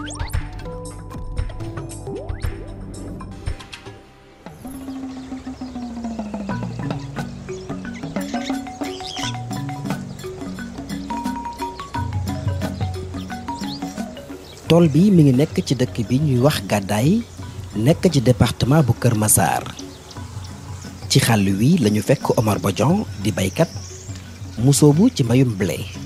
tool bii mi ngi nekk ci dëkk bi ñuy wax gàddaay nekk ci departement bu Kër masaar ci xàll wi lañu fekk Omar Bodian di baykat mu soobu ci mbayum blé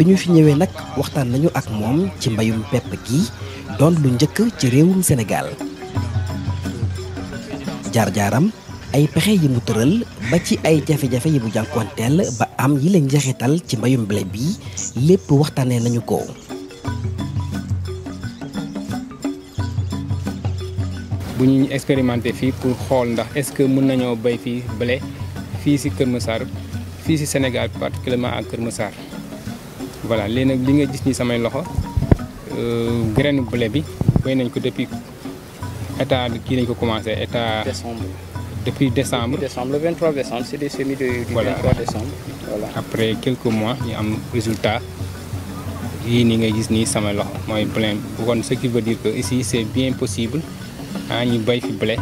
bi ñu fi ñëwee nag waxtaan nañu ak moom ci mbayum pepp gi doon lu njëkk ci réewum senegal jaar-jaaram ay pexe yi mu tëral ba ci ay jafe-jafe yi mu jànkuwanteel ba am yi leen njeexital ci mbayum blé bi lépp waxtaanee nañu ko. bu ñu expérimenté fii pour xool ndax est-ce que mën nañoo bay fii blé fii ci Kër Massar fii ci Sénégal particulièrement ak Kër Massar. voilà léegi nag li nga gis ni samay loxo euh, graine blé bi béy nañ ko depuis état kii nañ ko commencé état. décembre depuis décembre. décembre le 23 décembre c'est des semis de du 23 décembre. voilà après quelques mois ñu am résultat yii ni nga gis ni samay loxo mooy blé kon ce qui veut dire que ici c'est bien possible ah ñu béy fi blé.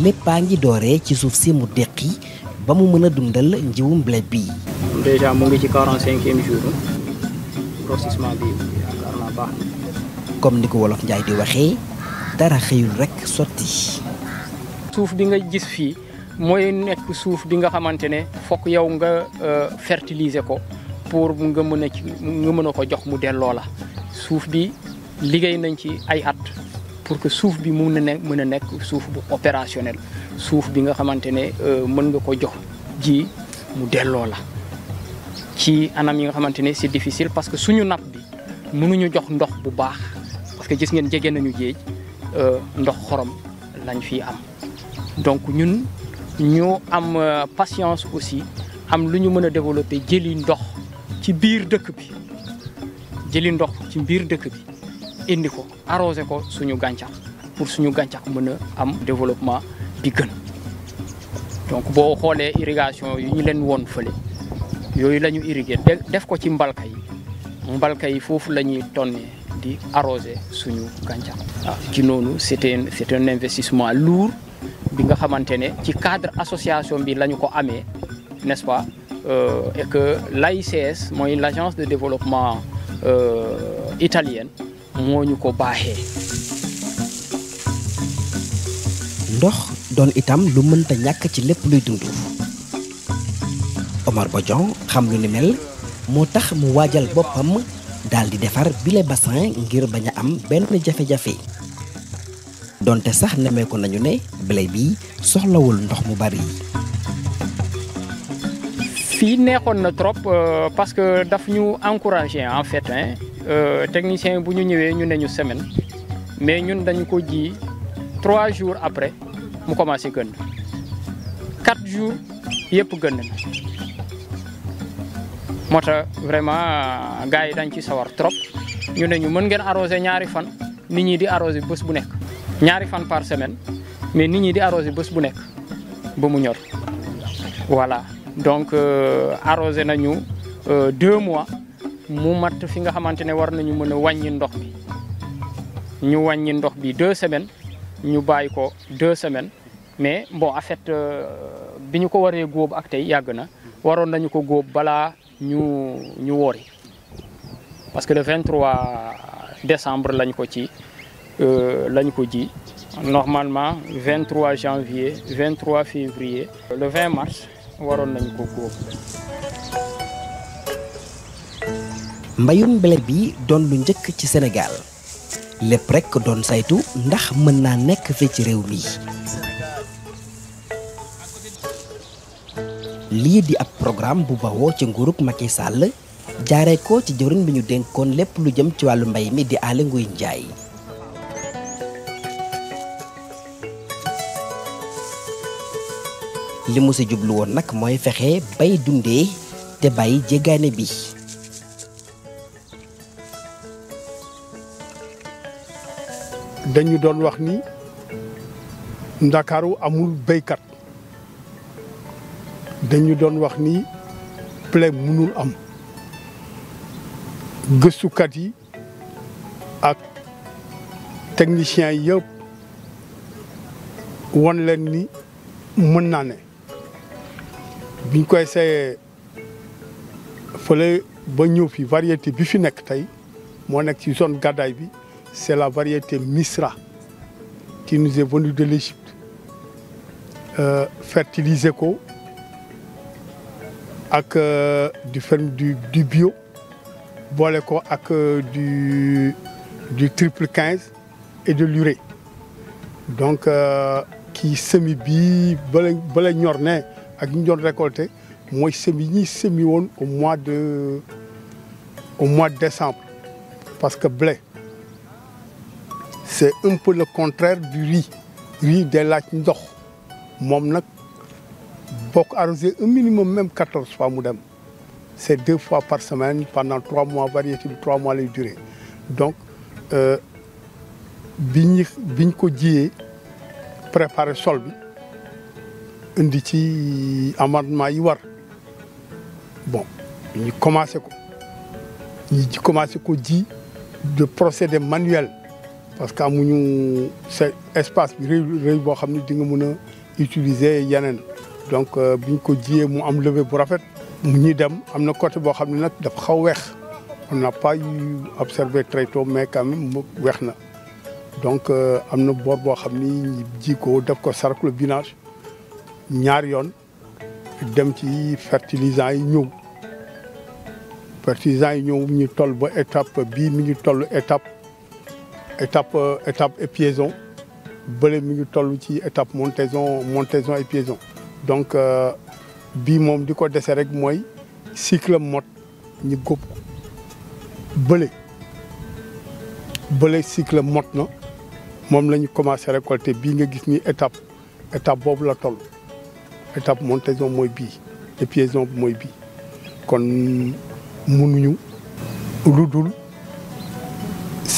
léppaa ngi dooree ci suuf si mu deqi ba mu mën a dundal njiwum blé bi déjà mu ngi ci 45e bi comme ni ko wolof Njaay di waxee dara xëyul rekk sotti. suuf bi nga gis fii mooy nekk suuf bi nga xamante ne fokk yow nga euh, fertiliser ko pour nga mën a mën a ko jox mu delloo la suuf bi liggéey nañ ci ay at. pour que suuf bi mun na nekk mën a nekk suuf bu opérationnel suuf bi nga xamante ne euh, mën nga koo jox ji mu delloo la ci anam yi nga xamante ne c'est difficile parce que suñu napp bi mënuñu jox ndox bu baax parce que gis ngeen jege nañu géej euh, ndox xorom lañ fi am donc ñun ñoo am euh, patience aussi am lu ñu mën a développer jëli ndox ci biir dëkk bi jëli ndox ci biir dëkk bi indi ko arrosé ko suñu gàncax pour suñu gàncax mën a am développement bi gën donc boo xoolee irigation yu ñu leen woon fële yooyu la ñu irrigué def ko ci mbalka yi mbalka yi foofu la ñuy tonnee di arrosé suñu gàncax waaw ah, ci noonu c'était c'est un investissement lourd bi nga xamante ne ci cadre association bi la ñu ko amee n'est-ce pas euh, et que l'AICS mooy l'agence de développement euh, italienne moo ñu ko baaxee. ndox doon itam lu mënta ñàkk ci lépp luy dund. Omar Bodian xam lu ni mel moo tax mu waajal boppam daal di defar bile bassin ngir bañ a am benn jafe-jafe. donte sax nemeeku nañu ne blé bi soxlawul ndox mu bari. fii neexoon na trop euh, parce que ñu encouragé en fait. Euh, technicien yi bu ñu ñëwee ñu ne ñu semaine mais ñun dañu ko ji trois jours après mu commencé gënn quatre jours yëpp gën na moo tax vraiment euh, gars yi dañ ci sawar trop ñu ne ñu mën ngeen arrosé ñaari fan nit ñi di arrosé bës bu nekk ñaari fan par semaine mais nit ñi di arrosé bës bu nekk ba mu ñor voilà donc euh, arrosé nañu deux mois mu mat fi nga xamante ne war nañu mën a wàññi ndox bi ñu wàññi ndox bi deux semaines ñu bàyyi ko deux semaines mais bon en fait euh, bi ñu ko waree góob ak tey yàgg na waroon nañu ko góob balaa ñu ñu woori parce que le 23 décembre lañ ko ci euh, lañ ko ji normalement 23 janvier 23 février le 20 mars waroon nañu ko góob mbayum blé bi doon lu njëkk ci Sénégal lépp rekk doon saytu ndax mën naa nekk fi ci réew mi. lii di ab programme bu bawoo ci nguurug Macky Sall jaaree ko ci jëwriñ bi ñu denkoon lépp lu jëm ci wàllu mbay mi di Aly Ngouille Ndiaye. li mu si jublu woon nag mooy fexe bay dundee te bàyyi jéggaane bi. dañu doon wax ni Ndakaaru amul béykat dañu doon wax ni blé mënul am gëstukat yi ak techniciens yi yëpp wan leen ni mën naa ne biñ koy essayé fële ba ñëw fi variété bi fi nekk tey moo nekk ci zone gàddaay bi c'est la variété Misra qui nous est venue de l'Égypte euh, fertiliser ko ak euh, du ferme du du bio boole ko ak euh, du du triple quinze et de l'urée donc euh, kii semis bi bala bala ñor ne ak ñu doon récolté mooy semis ñi semi woon au mois de au mois de décembre parce que blé. c'est un peu le contraire du riz riz day laaj ndox moom nag boo ko arrosé un minimum même quatorze fois mu dem c'est deux fois par semaine pendant trois mois variété bi trois mois lay durée donc euh, bi ñu bi ñu ko jiyee préparer sol bi indi ci amendement yi war bon ñu commencé ko ñu commencé ko ji de procédé manuel parce que amuñu cet espace bi rëy rëy boo xam ne di nga mën a utiliser yeneen donc euh, biñ ko jiyee mu am levée bu rafet mu ñuy dem am na côté boo xam ne nag dafa xaw weex on n'a pas eu observé très weex na donc euh, am na boor boo xam ni ji ko def ko sarclobinage ñaar yoon dem ci fertilisant yi ñëw fertilisant yi ñëw ñu toll ba étape bii mi ngi toll étape étape euh, étape épiaison bële mi ngi toll ci étape montaison montaison épiaison donc euh, bii moom di ko dese rek mooy cycle mot ñu góob ko bële bële cycle mot na moom la ñu commencé récolter bii nga gis ni étape étape boobu la toll étape montaison moy bii épiaison mooy bii kon munuñu lu dul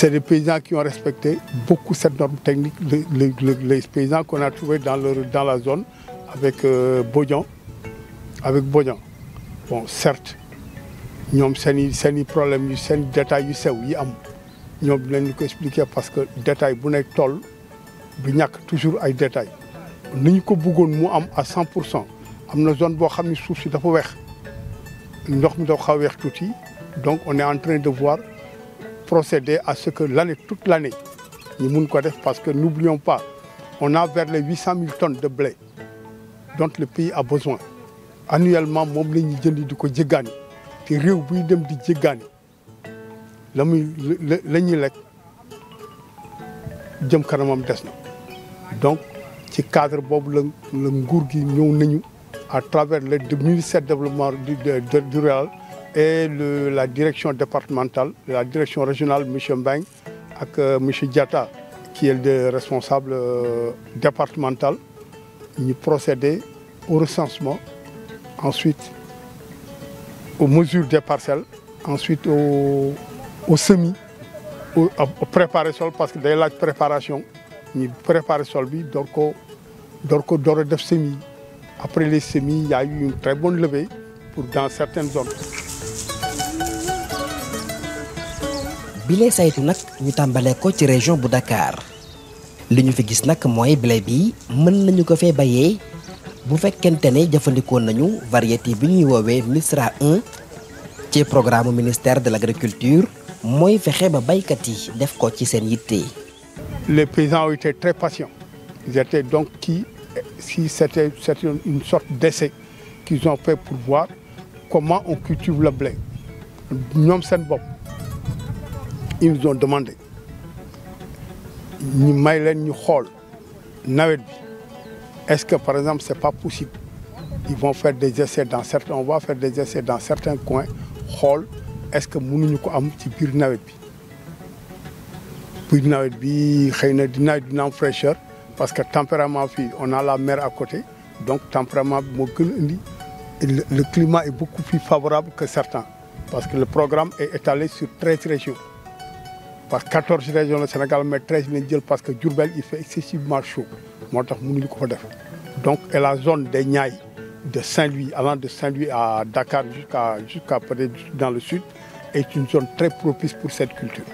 c'est des paysans qui ont respecté beaucoup cette technique, les, les, les paysans qu'on a trouvés dans, leur, dans la zone avec euh, Bodian. Avec Bodian. Bon, certes, ñoom seeni i seen problème yu seen détails yu sew yi am ñoom dinañ ñu ko expliquer parce que détail bu nekk toll bu ñàkk toujours ay détails ni ko bëggoon mu am à cent pour cent am na zone boo xam ne suuf si dafa weex ndox mi dafa xaw weex tuuti donc on est en de voir procéder à ce que l'année, toute l'année, nous pouvons connaître parce que n'oublions pas, on a vers les 800 000 de blé donc le pays a besoin. Annuellement, nous avons jégani. Puis réew buy dem di jéggaani la muy la ñuy lekk jëm kanamam des na donc ci cadre boobu la la nguur gi ñëw nañu à travers le ministère développement rural et la direction départementale, la direction régionale, monsieur Mbeng, ak euh, monsieur M. Diata, qui est le responsable euh, départemental. Nous procédons au recensement, ensuite aux mesures des parcelles, ensuite au, semis, au, au préparer sol, parce que des la préparation, nous préparons sol, donc on doit semis. Après les semis, il y a eu une très bonne levée pour dans certaines zones. bile saytu nag ñu tàmbalee ko ci région bu Dakar li ñu fi gis nag mooy blé bi mën nañu ko fee bayee bu fekkente ne jëfandikoo nañu variété bi ñuy woowee MISRA 1 ci programme ministère de l' agriculture mooy fexe ba baykat yi def ko ci seen yitte. les paysans ont été très patients ils étaient donc qui si c' était c' était une sorte d' qu'ils ont fait pour voir comment on cultive le blé ñoom seen bopp. ils nous ont demandé ñu may leen ñu xool nawet bi est-ce que par exemple c'est pas possible ils vont faire des essais dans certains on va faire des essais dans certains coins xool est-ce que mënuñu ko am ci biir nawet bi biir nawet bi xëy na dina dina am fraîcheur parce que tempérament fii on a la mer à côté donc tempérament bi moo indi le climat est beaucoup plus favorable que certains parce que le programme est étalé sur 13 régions par quatorze régions la Sénégal mais treize lañ jël parce que Diourbel il fait excessivement chaud moo tax mënuñu ko fa def donc et la zone des Niayes de Saint-Louis allant de Saint-Louis à Dakar jusqu'à jusqu'à peut le sud est une zone très propice pour cette culture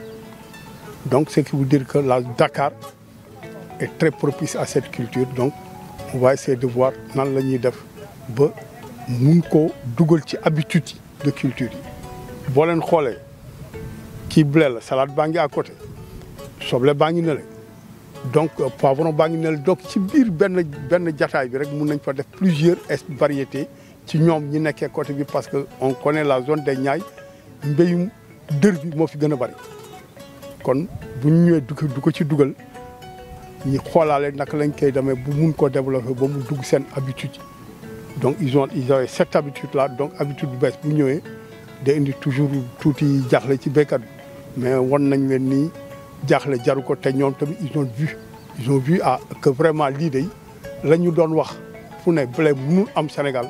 donc ce qui veut dire que la Dakar est très propice à cette culture donc on va essayer de voir nan la ñuy def ba mun ko dugal ci habitude de culture yi boo leen xoolee kii blé la salade baa ngi à côté soble baa ngi nële donc euh, poivron baa ngi nële donc ci biir benn benn jataay bi rek mun nañ fa def plusieurs variétés ci ñoom ñi nekkee côté bi parce que on connaît la zone des Niayes mbéyum dër bi moo fi gën a bari kon bu ñu ñëwee dukk ko ci dugal ñi xoolaale naka lañ koy demee bu mun ko développer ba mu dugg seen habitude donc ils ont ils ont cette habitude là donc habitude bu bees bu ñëwee day indi toujours tuuti jaaxle ci béykat bi mais won nañ leen ni jaaxle jaru ko te ñoom tamit ils ont vu ils ont vu ah que vraiment lii day la ñu doon wax fu ne blé mënul am Sénégal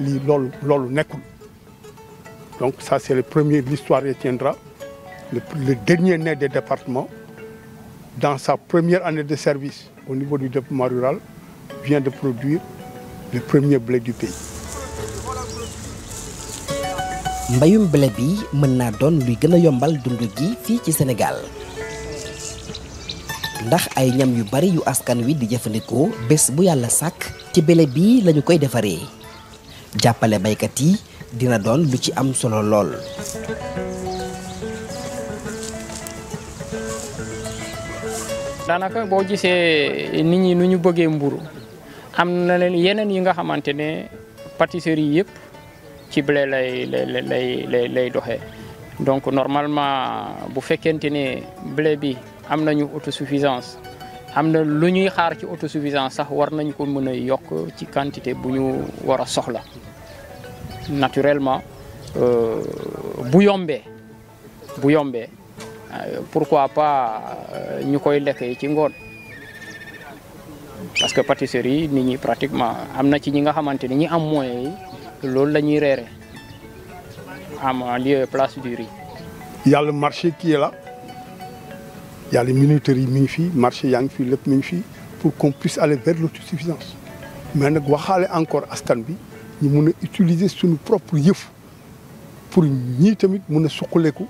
lii loolu loolu nekkul donc ça c'est le premier l'histoire retiendra le, le dernier né des départements dans sa première année de service au niveau du développement rural vient de produire le premier blé du pays mbayum blé bi mën naa doon luy gën a yombal dund gi fii ci senegal ndax ay ñam yu bari yu askan wi di jëfandikoo bés bu yàlla sàkk ci blé bi lañu koy defaree jàppale baykat yi dina doon lu ci am solo lool daanaka boo gisee nit ñi nu ñu bëggee mburu am na leen yeneen yi nga xamante ne pâtisserie yi yëpp ci blé lay lay lay lay lay donc normalement bu fekkente ni blé bi am nañu autosuffisance am na lu ñuy xaar ci autosuffisance sax war nañ ko mën a yokk ci quantité bu ñu war a soxla naturellement euh, bu yombee bu yombee euh, pourquoi pas euh, ñu koy lekk ci ngoon parce que pâtisserie nit ñi pratiquement am na ci ñi nga xamante ni ñi am moyens yi loolu lañuy ñuy reere en lieu place du riz. yàlla marché kii la yàlla minuterie yi mi ngi fii marché yaa ngi fii lépp mi ngi fii pour qu'on puisse aller vers l'autosuffisance mais nag waxaale encore askan bi ñu mun a utiliser suñu propre yëf pour ñii tamit mun a suqaleku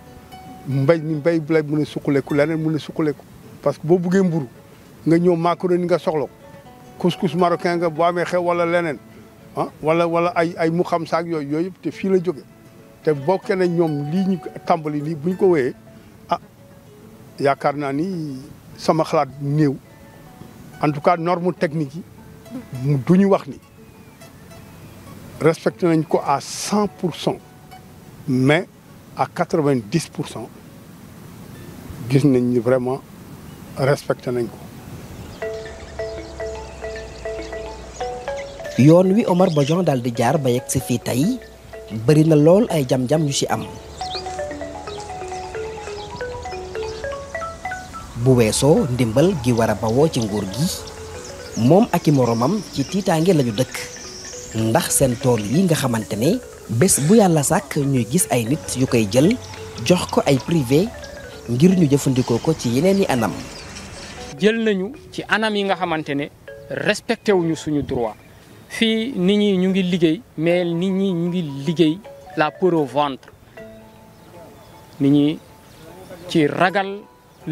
mbay mi mbay bu lay mun a suqaleku leneen mun a suqaleku parce que boo buggee mburu nga ñëw ni nga soxla couscous marocain nga boo amee xew wala leneen ah wala wala ay ay mu xam saak yooyu yooyu yëpp te fii la jóge te bokke na ñoom lii ñu tàmbali nii bu ñu ko wéyee ah yaakaar naa ni sama xalaat néew en tout cas norme technique yi du ñu wax ni respecté nañ ko à cent pour cent mais à quatre-vingt-dix pour cent gis nañ ni vraiment respecté nañ ko yoon wi Omar Bodian daal di jaar ba yegg ci fii tey bëri na lool ay jam-jam yu ci am bu weesoo ndimbal gi war a bawoo ci nguur gi moom ak i moroomam ci tiitaange lañu dëkk ndax seen tool yi nga xamante ne bés bu yàlla sàkk ñuy gis ay nit yu koy jël jox ko ay privé ngir ñu jëfandikoo ko ci yeneen i anam jël nañu ci anam yi nga xamante ne respecté wuñu suñu droit fii nit ñi ñu ngi liggéey mais nit ñi ñu ngi liggéey la peur au ventre nit ñi ci ragal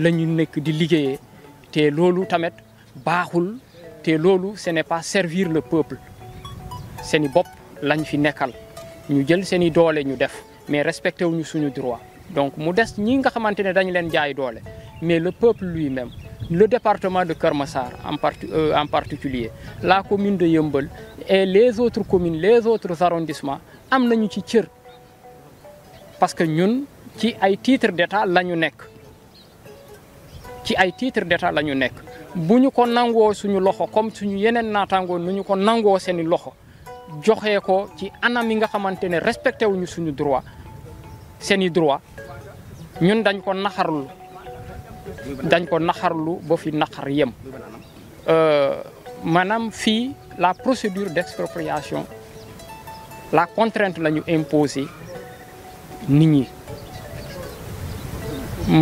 la ñu nekk di liggéeyee te loolu tamit baaxul te loolu ce n'est pas servir le peuple seeni bopp lañ fi nekkal ñu jël seeni doole ñu def mais respecté wuñu suñu droit donc mu des ñi nga xamante ne dañ leen jaay doole mais le peuple lui-même le département de Kermassar en, part, euh, en particulier, la commune de Yumbel e les autres communes, les autres arrondissements, am nañu ci cër parce que ñun ci ay titre d'état la ñu nekk ci ay titre d'état la ñu nekk bu ñu ko nangoo suñu loxo comme suñu yeneen naataangoo nu ñu ko nangoo seeni loxo joxe ko ci anam yi nga xamante ne respecté wuñu suñu droit seeni droit ñun dañ ko naxarlu dañ ko naxarlu ba fi naxar yem euh, maanaam fii la procédure d'expropriation la contrainte la ñu imposé nit ñi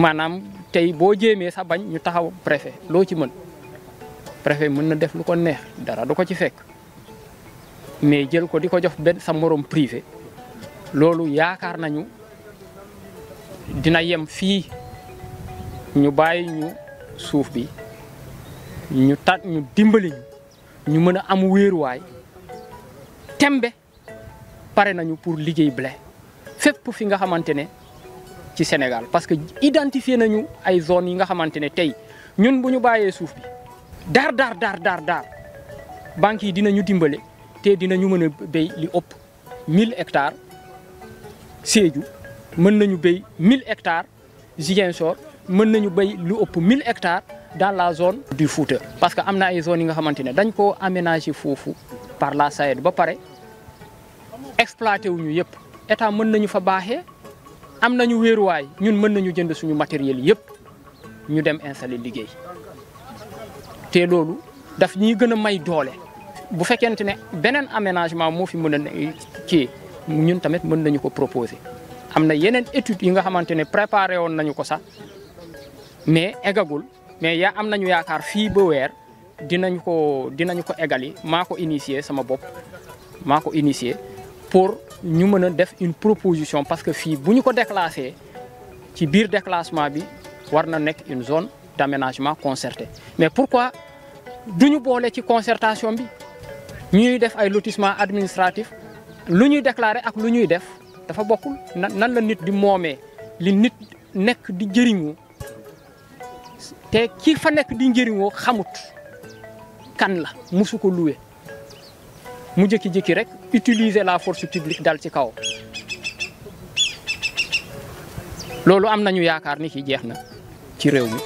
maanaam tey boo jéemee sa bañ ñu taxaw préfet loo ci mën préfet mën na def lu ko neex dara du ko ci fekk mais jël ko di ko jof benn sa morom privé loolu yaakaar nañu dina yem fii ñu bàyyi ñu suuf bi ñu ta ñu dimbali ñu mën a am wéeruwaay tembe pare nañu pour liggéey ble fépp fi nga xamante ne ci Sénégal parce que identifier nañu ay zones yi nga xamante ne tey ñun bu ñu bàyyee suuf bi daar daar daar daar daar banques yi dinañu dimbale te dinañu mën a béy li ëpp 1000 hectares Sédhiou mën nañu béy 1000 hectares Ziguinchor mën nañu béy lu ëpp 1000 hectares dans la zone du Fouta. parce que am na ay zones yi nga xamante ne dañ koo aménager foofu par la SAED ba pare exploité wu yëpp état mën nañu fa baaxee am nañu wéeruwaay ñun mën nañu jënd suñu matériel yëpp ñu dem installer liggéey te loolu daf ñuy gën a may doole. bu fekkente ne beneen aménagement moo fi mën a ci ñun tamit mën nañu ko proposer am na yeneen études yi nga xamante ne préparé woon nañu ko sax. mais egagul mais yaa am nañu yaakaar fii ba weer dinañu ko dinañu ko eggali maa ko initier sama bopp maa ko initier pour ñu mën a def une proposition parce que fii bu ñu ko déclassé ci biir déclassement bi war na nekk une zone d'aménagement concerté mais pour pourquoi du ñu boole ci concertation bi ñuy def ay lotissement administratif lu ñuy déclarer ak lu ñuy def dafa bokkul nan la nit di moomee li nit nekk di jëriñu te ki fa nekk di njëriñoo xamut kan la mosu ko luwe mu jëkki-jëkki rek utilise la force publique dal ci kaw loolu am nañu yaakaar ni ki jeex na ci réew mi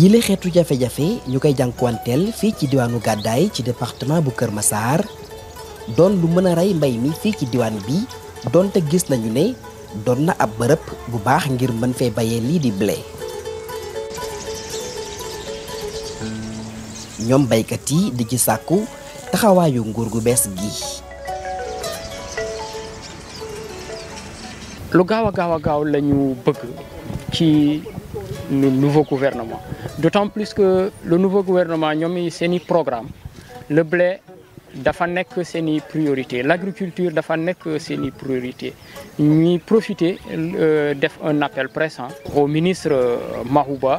yile xeetu jafe-jafe ñu koy jànkuwanteel fii ci diwaanu gàddaay ci département bu Kër masaar doon lu mën a rey mbay mi fii ci diwaan bi donte gis nañu ne doon na ab bërëb bu baax ngir mën fee bayee nii di blé. ñoom baykat yi di ci sàkku taxawaayu nguur gu bees gii lu gaaw a gaaw a gaaw la bëgg ci le nouveau gouvernement d' autant plus que le nouveau gouvernement ñoom i seeni programme le blé dafa nekk seen i priorité l' agriculture dafa nekk seen i priorité ñuy profiter euh, def un appel pressant au ministre euh, Mahouba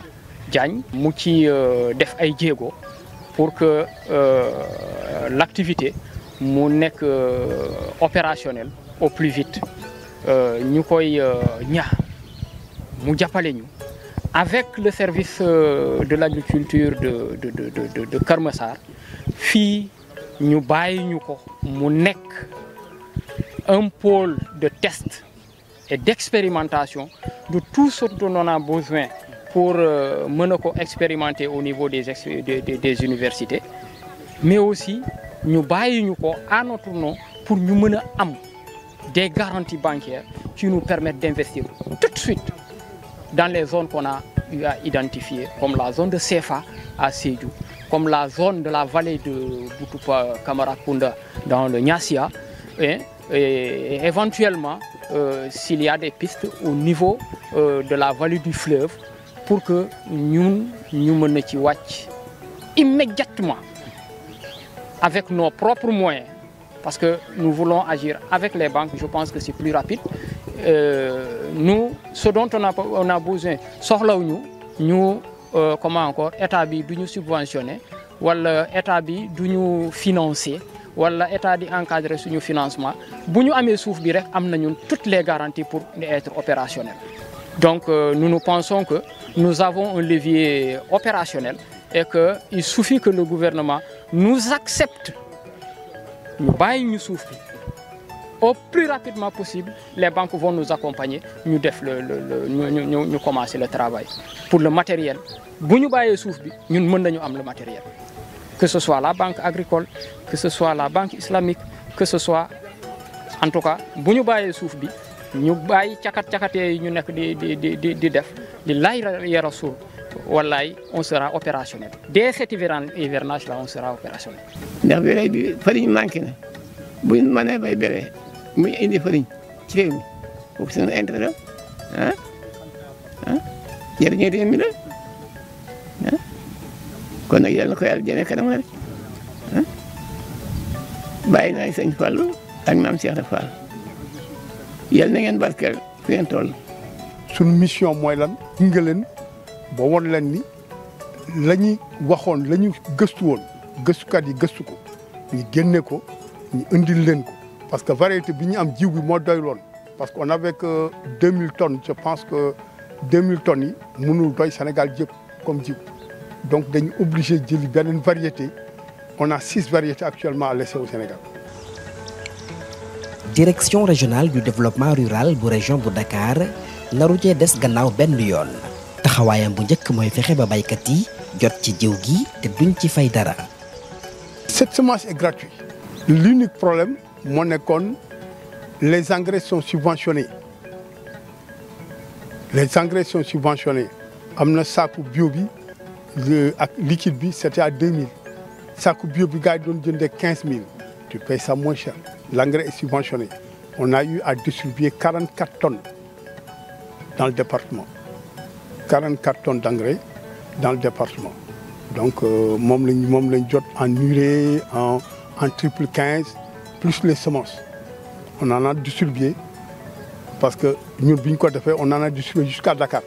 Diagne mu ci euh, def ay jéego pour que l' activité mu nekk opérationnelle au plus vite ñu koy ñaax mu jàppale ñu avec le service de l' de de de de de ñu bàyyi ñu ko mu nekk un pôle de test et d'expérimentation de tout ce dont on a besoin pour euh, mën a ko expérimenter au niveau des des des universités mais aussi ñu bàyyi ñu ko à notre pour ñu mën a am des garanties bancaires qui nous permettent d'investir tout de suite dans les zones qu'on a identifier comme la zone de CFA à Sédhiou comme la zone de la vallée de Boutoupa Kamarakunda dans le Nyassia. Et, et éventuellement, euh, s'il y a des pistes au niveau euh, de la vallée du fleuve, pour que ci nous immédiatement, avec nos propres moyens, parce que nous voulons agir avec les banques, je pense que c'est plus rapide. Euh, nous, ce dont on a, besoin, nous, nous Euh, comment encore état bi du ñu subventionné wala état bi du ñu financé wala état bi encadré suñu financement bu ñu amee suuf bi rek am nañu toutes les garanties pour être opérationnel. donc euh, nous nu pensons que nous avons un levier opérationnel et que il suffit que le gouvernement nous accepte ñu bàyyi ñu suuf bi. au plus rapidement possible les banques von nous accompagner ñu def le le le ñu ñu commencer le travail pour le matériel bu ñu bàyyee suuf bi ñun mën nañu am le matériel que ce soit la banque agricole que ce soit la banque islamique que ce soit en tout cas bu ñu bàyyee suuf bi ñu bàyyi cakat cakatee yi ñu nekk di di di di di def di laaj yara suuf wallaay on sera opérationnel dès cet hivernage là on sera opérationnel. ndax béréb bi fariñ manqué na buñ mënee bay béréb. mu ñu indi fariñ ci réew mi kooku seen intérêt la ah ah jëriñoo réew mi la kon nag yàlla na ko yàlla jëlee kanam rek ah bàyyi naa sëñ Fallou ak maam Cheikh Ibra Fall yàlla na ngeen barkeel fi ngeen sunu mission mooy lan gunge leen ba woon leen ni la ñuy waxoon la gëstu woon gëstukat yi gëstu ko ñu génne ko ñu indil leen ko. parce que variété bi ñu am jiw bi moo loon parce que on avait que 2000 tonnes je pense que 2000 tonnes yi mënul doy Sénégal yëpp comme jiw donc dañu obligé jëli beneen variété on a six variété actuellement à l'essai au Sénégal. direction régionale du développement rural bu région bu Dakar naru cee des gannaaw benn yoon taxawaayam bu njëkk mooy fexe ba baykat yi jot ci jiw gi te duñ ci fay dara. cette semence est gratuite. l'unique problème. moo nekkoon les engrais sont subventionnés les engrais sont subventionnés am na saaku bio bi ak liquide bi c'était à 2000 saaku bio bi gars yi doon jëndee 15000 tu payes ça moins cher l'engrais est subventionné on a eu à quarante 44 tonnes dans le département quatre tonnes d'engrais dans le département donc euh, moom lañ moom lañ jot en urée en en triple quinze plus les semences on en a distribué parce que ñun bi ñu ko defee on en a distribué jusqu'à Dakar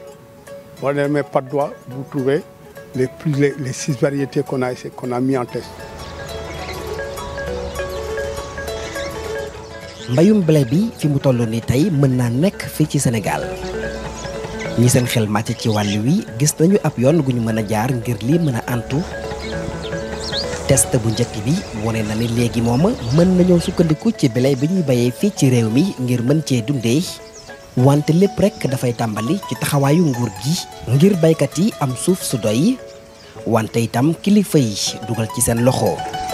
boo demee Patte d'Oie vous trouvez les plus les, les six variétés qu'on a essayé qu'on a mis en test. mbayum blé bi fi mu toll nii tey mën naa nekk fii ci Sénégal ñi seen xel màcc ci wàll wi gis nañu ab yoon gu ñu mën a jaar ngir lii mën a antu test bu njëkk bi wone na ni léegi moom mën nañoo sukkandiku ci blé bi ñuy bayee fii ci réew mi ngir mën cee dunde wante lépp rekk dafay tàmbali ci taxawaayu nguur gi ngir baykat yi am suuf su doy wante itam kilifa yi dugal ci seen loxo.